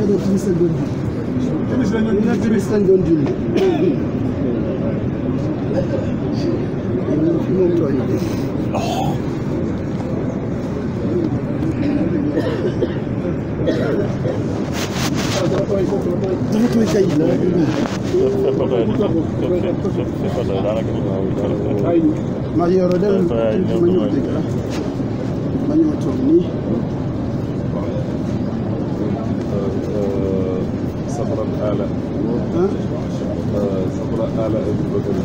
p e d o f i i s t e n d o n j u l i t i i s t a n g o n julli m o m o o d tooy kay e m ma ñëw dégg la m n آل صبر آل أبي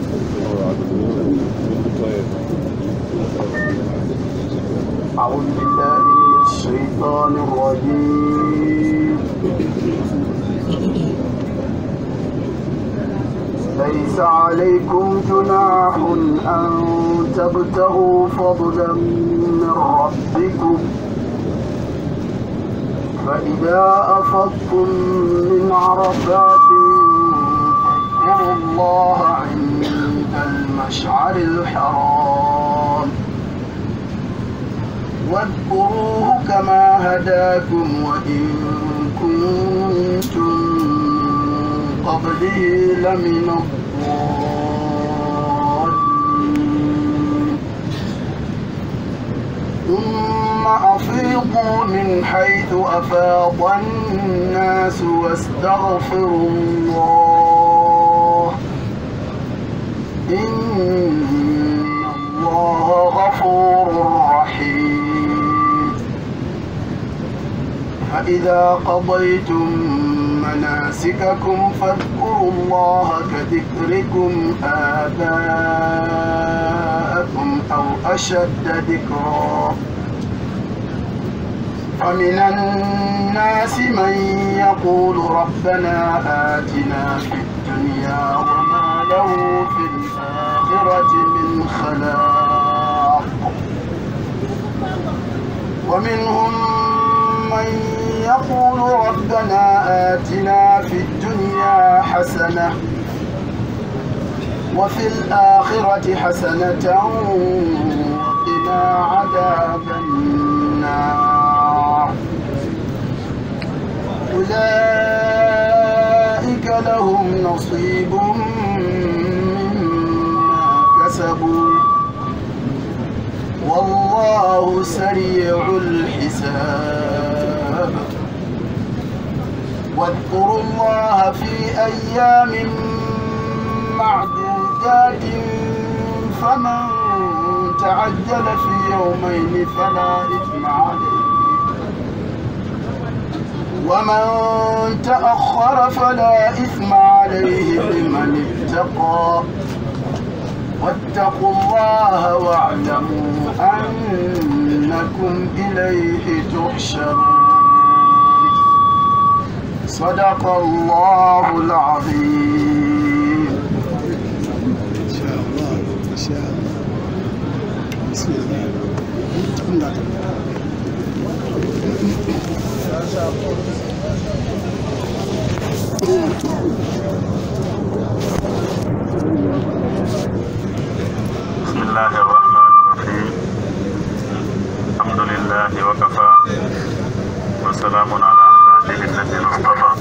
أعوذ بالله من الشيطان الرجيم ليس عليكم جناح أن تبتغوا فضلا من ربكم فإذا أفضتم من عرفات فاذكروا الله عند المشعر الحرام واذكروه كما هداكم وإن كنتم من قبله لمن الضالين ثم أفيضوا من حيث أفاض الناس واستغفروا الله إن الله غفور رحيم فإذا قضيتم مناسككم فاذكروا الله كذكركم آباءكم أو أشد ذكرًا ومن الناس من يقول ربنا آتنا في الدنيا وما له في الآخرة من خلاق ومنهم من يقول ربنا آتنا في الدنيا حسنة وفي الآخرة حسنة وقنا عذاب النار أولئك لهم نصيب مما كسبوا والله سريع الحساب واذكروا الله في أيام معدودات فمن تعجل في يومين فلا إثم عليه ومن تأخر فلا إثم عليه لمن اتقى واتقوا الله واعلموا أنكم إليه تحشرون صدق الله العظيم بسم الله الرحمن الرحيم الحمد لله وكفى وسلام على عباده الذين اصطفى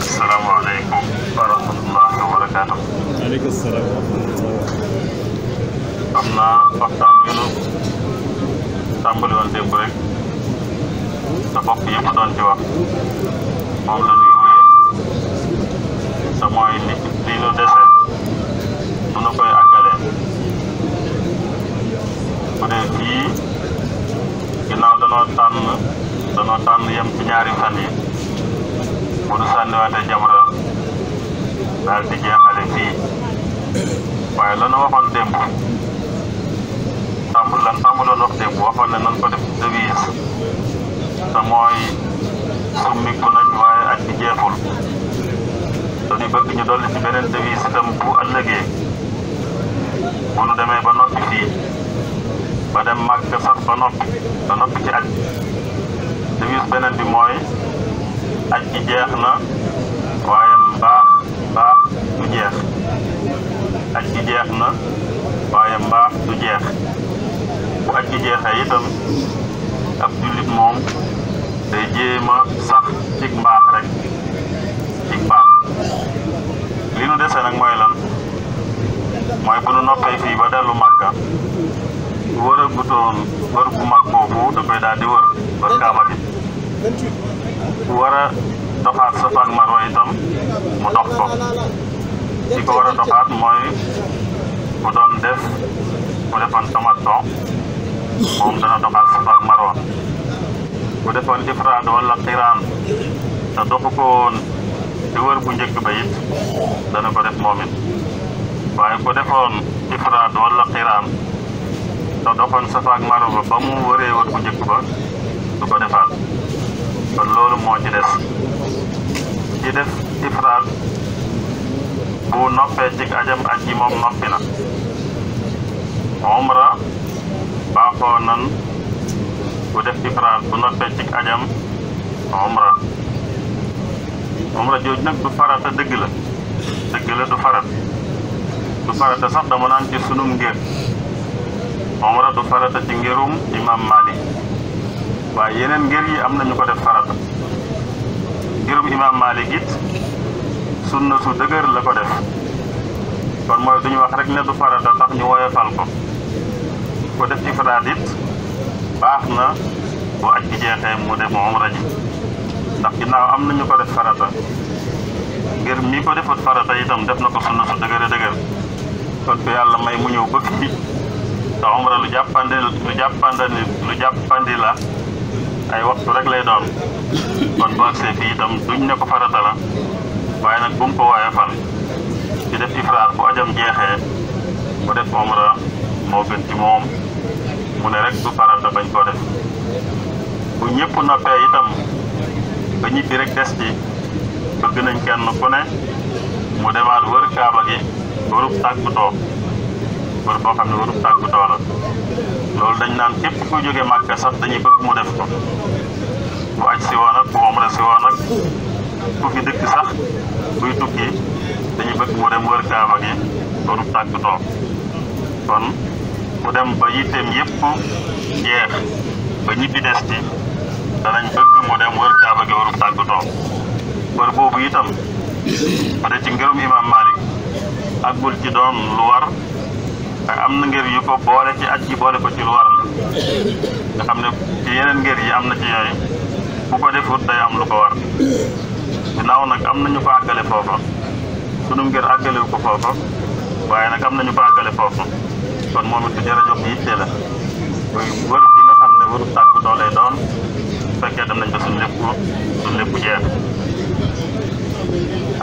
السلام عليكم ورحمه الله وبركاته عليك السلام ورحمه الله وبركاته waxoon démb rek sa bokk yi ma doon ci wax moom la ñuy wéyal te mooy li li ñu dese nu nu koy àggalee bu dee fii ginnaaw danoo tànn danoo tànn yem ci ñaari fan yi bu nu sànniwaatee jamra daal di jeexale fii waaye la nu waxoon démb bu lan sàmm doon waxtee bu waxoon ne nan ko def devies te mooy summiku nañ waaye ak di jeexul dañu bëgg ñu dolli ci beneen devies itam bu ëllëgee bu nu demee ba noppi fii ba dem màgg sax ba noppi ba noppi ci aj devies beneen bi mooy aj jeex na waaye mbaax mbaax du jeex aj jeex na waaye mbaax du jeex ci jeexee itam ab jullit moom day jéem a sax cig mbaax rek cig mbaax li nu dese nag mooy lan mooy bu nu noppee fii ba dellu màkka wër bu doon wër bu mag boobu da daal di wër wër kaaba gi war doxaat Safa ak Marwa itam mu dox ko ci ko war a doxaat mooy bu doon def mu defoon tamattu moom dana dox ak Safa Marwa bu defoon ifraad wala xiraan te doxu ko wër bu jëkk ba it dana ko def moom it waaye bu defoon ifraad wala xiraan te doxoon Safa Marwa ba mu wëree wër bu njëkk ba du ko defaat kon loolu moo ci des ci def ifraad bu noppee ci ajam aj moom noppi na umra baaxoo nan ku def ifraat bu noppee ci ajam umra umra jooju nag du farata dëgg la dëgg la du farat du farata sax dama naan ci sunum ngir umra du farata ci ngirum imam Malik waaye yeneen ngir yi am nañu ko def farata ngirum imam Malik it sunna dëgër la ko def kon mooy duñu wax rek ne du farata tax ñu woyofal ko ko def ci faraat baax na bu aj gi jeexee mu dem umra ji ndax ginnaaw am na nañu ko def farata ngir mi ko defut farata itam def na ko sunna su dëgëre dëgër kon ku yàlla may mu ñëw bëgg bi te umra lu jàppandi lu jàppandani ay waxtu rek lay doon kon bu agsee fii duñ ne ko farata la waaye na bu mu ko woyofal di def ifraat bu ajam jeexee mu def umra moo gën moom mu ne rek du farata bañ koo def bu ñëpp noppee itam ba ñibbi rek des ci bëgg nañ kenn ku ne mu demaat wër kaaba gi wërub tàggutoo wër boo xam ne wërub tàggutoo la loolu dañ naan képp ku jóge Màkka sax dañuy bëgg mu def ko bu aj si woon ak bu omra si woon ak ku fi dëkk sax buy tukki dañuy bëgg mu dem wër kaaba gi wërub tàggutoo kon mu dem ba yitteem yëpp jeex ba ñibbi des ci danañ bëgg mu dem wër kaaba gi warul tàggatoo wër boobu itam ba de ci ngërëm imam Malik àggul ci doon lu war ak am na nger yu ko boole ci aj yi boole ko ci lu war nga ne ci yeneen nger yi am na ci yooyu bu ko defut day am lu ko war ginnaaw nag am nañu ko àggale foofa sunu ngir àggalewu ko foofa waaye nag am nañu ko àggale kon moom it du jar jox yitte la muy wër bi nga xam ne wëru tàggu doolee doon su fekkee dem nañ ba suñ lépp suñ lépp jeex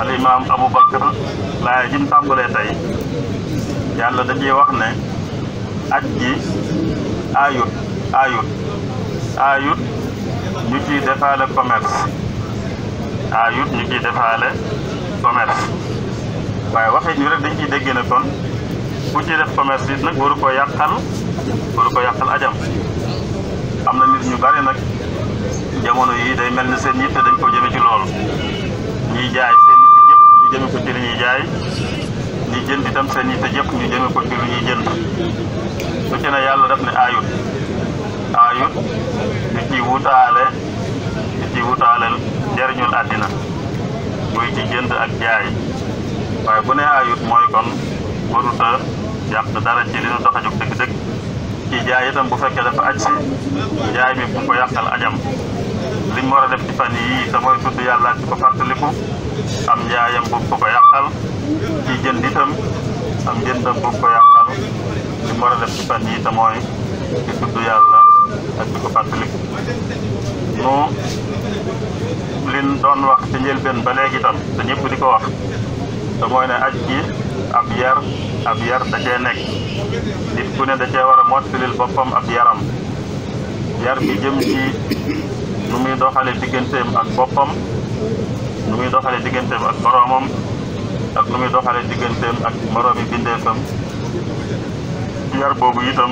al imaam Abu Bakr laaya jim tàmbalee tey yàlla da ciy wax ne aj ji aayut aayut aayut ñu ciy defaale commerce aayut ñu ciy defaale commerce waaye waxit ñu rek dañ ciy dégg ne kon ku ci def commerce it nag waru ko yàqal waru ko yàqal ajam am na nit ñu bari nag jamono yi day mel ni seen yitte dañ ko jëme ci loolu ñuy jaay seen yitte yëpp ñu jëme ko ci li ñuy jaay ñi jënd itam seen yitte yëpp ñu jënd su ci yàlla def ne aayut aayut di ci wutaale di ci wutaale njariñul àddina muy ci jënd ak jaay waaye bu ne aayut mooy kon waruta yàq dara ci li nu tax a jóg dëgg-dëgg ci jaay itam bu fekkee dafa aj si jaay bi bu ko yàqal ajam liñ war a def ci fan yi te mooy tudd yàlla ci ko fàttaliku am njaayam bu ko ko yàqal ci jënd itam am jëndam bu ko yàqal liñ war def ci fan yi ak di ko fàttaliku nu liñ doon wax ci njëlbeen ba léegi itam te ñëpp wax ab yar ab yar da cee nekk nit ku ne da cee war a mottalil boppam ab yaram yar bi jëm ci muy doxale digganteem ak boppam nu muy doxale digganteem ak moroomam ak nu muy doxale digganteem ak moroomi bindeefam yar boobu itam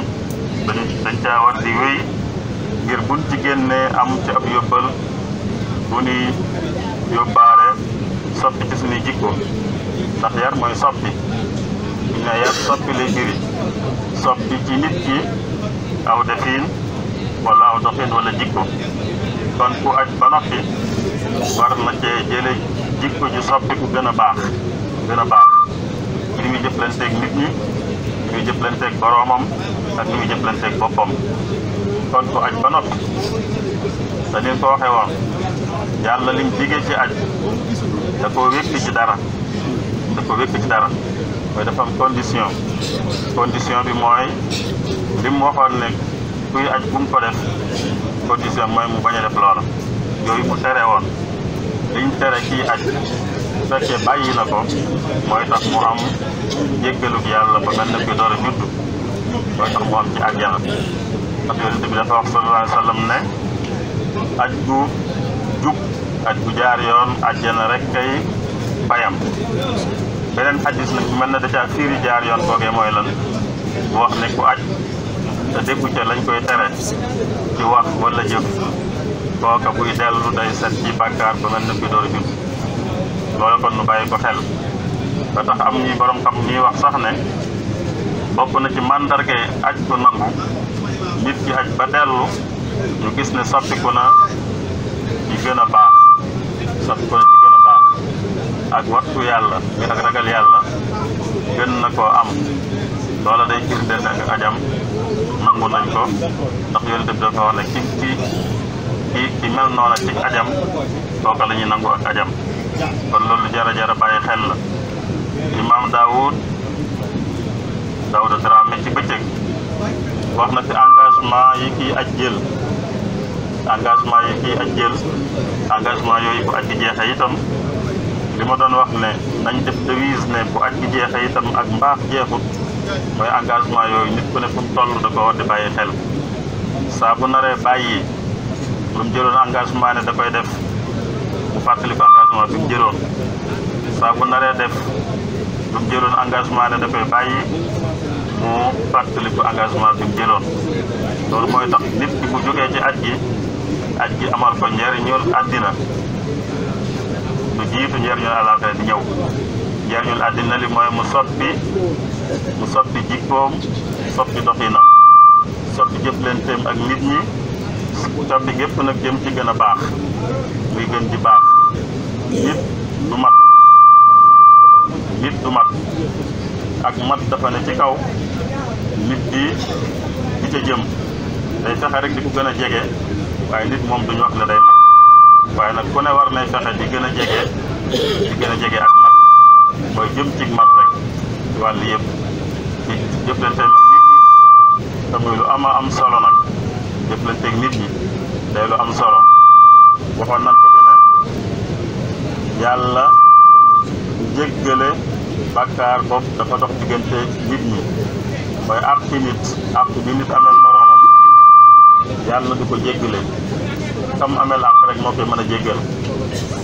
dañ dañ caa war di wéy ngir buñ ci génnee am ci ab yóbbal bu ñuy yóbbaale soppi ci ndax yar mooy soppi ñu ne yar soppi lay firi soppi ci nit ki aw defiin wala aw doxin wala jikko kon ku aj ba noppi war na cee jële jikko ju soppi ku gën a baax gën a baax ci ni muy jëflanteeg nit ñi ni muy jëflanteeg boroomam ak ni muy jëflanteeg boppam kon ku aj ba noppi te ni ko waxee woon yàlla lim jige ci aj da wékki ci dara du ko wékk ci dara mooy dafa condition condition bi mooy li mu waxoon ne kuy aj bu mu ko def condition mooy mu bañ a def loola yooyu mu tere woon liñ tere kii aj bu fekkee bàyyi na ko mooy tax mu am jéggalug yàlla ba mel ne kuy door a judd mooy tax mu ci àjjana ndax yonent bi ne aj bu jub aj bu jaar yoon àjjana rek kay bayam beneen xaddis nag mën na da caa jaar yoon boogee mooy lan mu wax ne ku aj te déggu ca lañ koy tere ci wax wala jëf kooka buy dellu day set ci ba mel bi door jub loola kon nu bàyyi ko xel ba tax am ñi borom xam ñuy wax sax na bokk na ci màndarge aj ko nangu nit ci aj ba dellu ñu gis ne soppiku na ñu gën a baax ak wattu yàlla gën ak ragal yàlla gën na am loola day firndeel ak ajam nangu nañ ko ndax yonent bi dafa wax ne ki ki mel noona ci ajam kooka la nangu ak ajam kon loolu jara jara bàyyi xel la imaam Daawud Daawuda Dramé ci bëccëg wax na fi engagement yi aj jël engagement yi aj jël engagement bu aj itam li don doon wax ne nañ def devise ne bu aj bi jeexee itam ak mbax jeexut moy engagement yoy nit ko ne fu tollu da ko wadi baye xel sa bu naree bàyyi bu mu jëlone engagement ne da koy def bu fatali ko engagement bu mu jëlone sa bu naree def bu mu jëlone engagement ne da koy bàyyi mu fatali ko engagement bu mu jëlone lolu moy tax nit ki bu jógee ci aj gi amal ko ñor adina lu jiitu njariñul àllaaxira di ñëw njariñul àddina li mooy mu soppi mu soppi jikkoom soppi doxinam soppi jëflanteem ak nit ñi soppi gépp nag jëm ci gën a baax muy gën di baax nit du mat nit du mat ak mat dafa ne ci kaw nit di di ca jëm day taxa di ko gën a jege waaye nit moom duñu wax ne day waaye nag ku ne war nay fexe di gën a jege di gën a jege ak mat mooy jëm ci mat rek ci wàll yëpp ci jëflante nit muy lu ama am solo nag jëflante nit ñi day lu am solo waxoon nañ ko fi ne yàlla jéggale bàkkaar bopp dafa dox diggante nit ñi mooy àq ci nit àq bi nit amee moroomam yàlla du ko jéggale sam amel àq rek moo koy mën a jéggal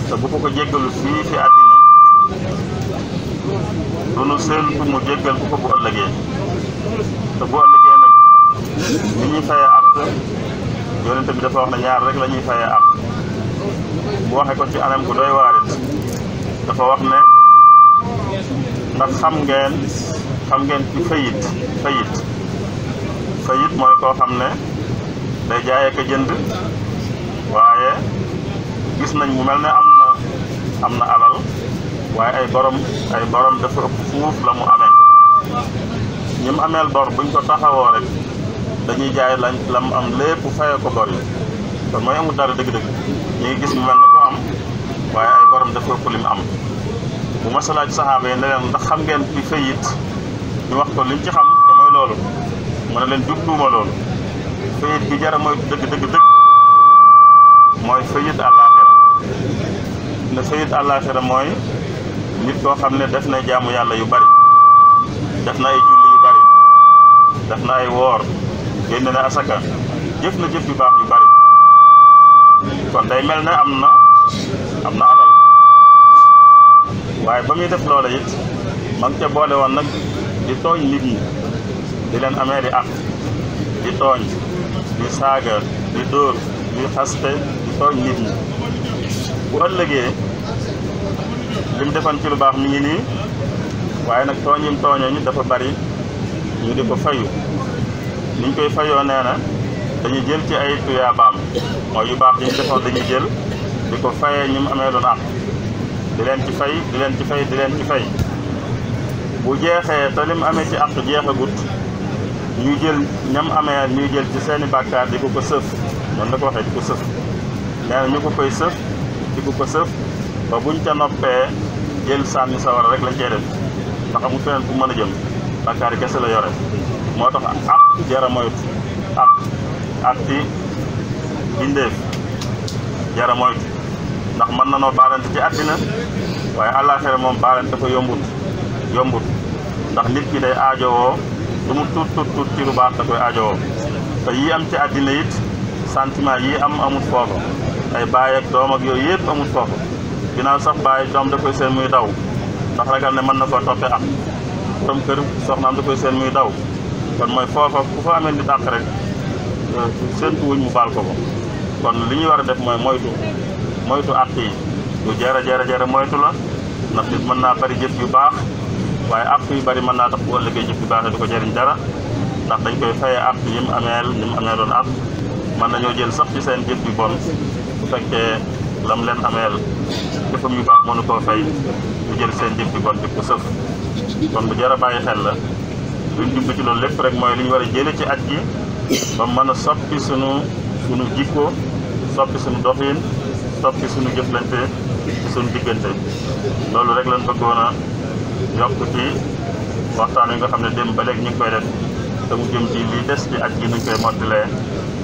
te bu ko ko jéggalu fii fi àddina du nu séentu mu jéggal bu ko bu ëllëgee te bu ëllëgee nag ñuy fayee àq yonente bi dafa wax ne ñaar rek lañuy ñuy fayee àq bu waxee ko ci anam bu doy waarit dafa wax ne ndax xam ngeen xam ngeen ci fayit fayit fayit mooy koo xam ne day jaayee ko jënd gis nañ mu mel ne am na na alal waaye ay boroom ay boroom dafa ëpp fuuf la mu amee ñi mu ameel bor buñ ko taxawoo rek dañuy jaay lañ la mu am lépp faye ko bor yi kon mooy amul dara dëgg-dëgg ñu ngi gis mu mel na ko am waaye ay boroom dafa ëpp li mu am bu masalaaj saxaaba yi ne leen ndax xam ngeen fi fayit ñu wax ko liñ ci xam te mooy loolu mu ne leen jubluuma loolu fayit bi jara dëgg dëgg dëgg mooy fayit àlla ne sayid àllaaxira mooy nit koo xam ne def na jaamu yàlla yu bari def na ay julli yu bari def na ay woor génn na asaka jëf na jëf yu baax yu bari kon day mel ne am na am na alal waaye ba muy def loola it ma ca boole woon nag di tooñ nit ñi di leen amee di àq di tooñ di saaga di dóor di xaste di tooñ nit ñi bu ëllëgee li mu defoon ci lu baax mi ngi nii waaye nag tooñim tooñoo ñu dafa bari ñu di ko fayu niñ koy fayoo nee na dañu jël ci ay tuyaabaam mooy yu baax yi ñu defoon dañu jël di ko fayee ñu mu amee doon àq di leen ci fay di leen ci fay di leen ci fay bu jeexee te li amee ci àq jeexagut ñu jël ñam amee ñuy jël ci seeni bàkkaar di ko ko sëf noonu la ko waxee ko sëf nee ñu ko koy sëf di ko ko sëf ba buñ ca noppee jël sànni sawara rek lañ cey def ndax amul feneen fu mën a jëm bàkkaar yi la yore moo tax ak jara moytu ak ak ci bindeef jara ndax mën na noo baalante ci àddina waaye àllaaxira moom baalante ko yombut yombut ndax nit ki day aajowoo lu mu tuut tuut tuut ci lu baax koy aajowoo te yii am ci àddina it sentiment yii am amut foofa ay baay ak doom ak yooyu yépp amul foofu ginnaaw sax baay doom da koy seen muy daw ndax ragal ne mën na koo toppee am borom kër da koy seen muy daw kon mooy foofa ku fa amee ni àq rek euh, séntu wuñ mu baal ko ko kon li ñuy war a def mooy moytu moytu yi lu jara jara jara moytu la ndax nit mën naa bari jëf yu baax waaye àq yu bari mën naa tax bu ëllëgee jëf yu baax du ko jëriñ dara ndax dañ koy fayee àq yi mu ameel yi mu amee doon àq mën nañoo jël sax ci seen jëf yu bon fekkee lam leen ameel jëfam yu baax mënu koo fay mu jël seen jëf bi bon di ko sëf kon bu jar a bàyyi xel la luñ jublu ci loolu lépp rek mooy li ñu war a jële ci aj gi ba mën a soppi sunu sunu jikko soppi sunu doxin soppi sunu jëflante ci sunu diggante loolu rek lañ bëggoon a yokk ci waxtaan wi nga xam ne démb ba léegi ñu ngi koy def te mu jëm ji lii des ci aj gi nuñ koy mottalee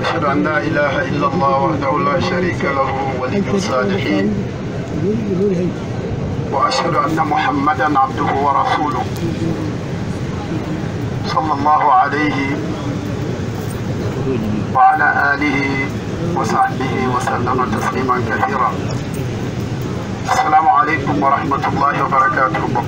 أشهد أن لا إله إلا الله وحده لا شريك له ولي الصالحين وأشهد أن محمدا عبده ورسوله صلى الله عليه وعلى آله وصحبه وسلم تسليما كثيرا السلام عليكم ورحمة الله وبركاته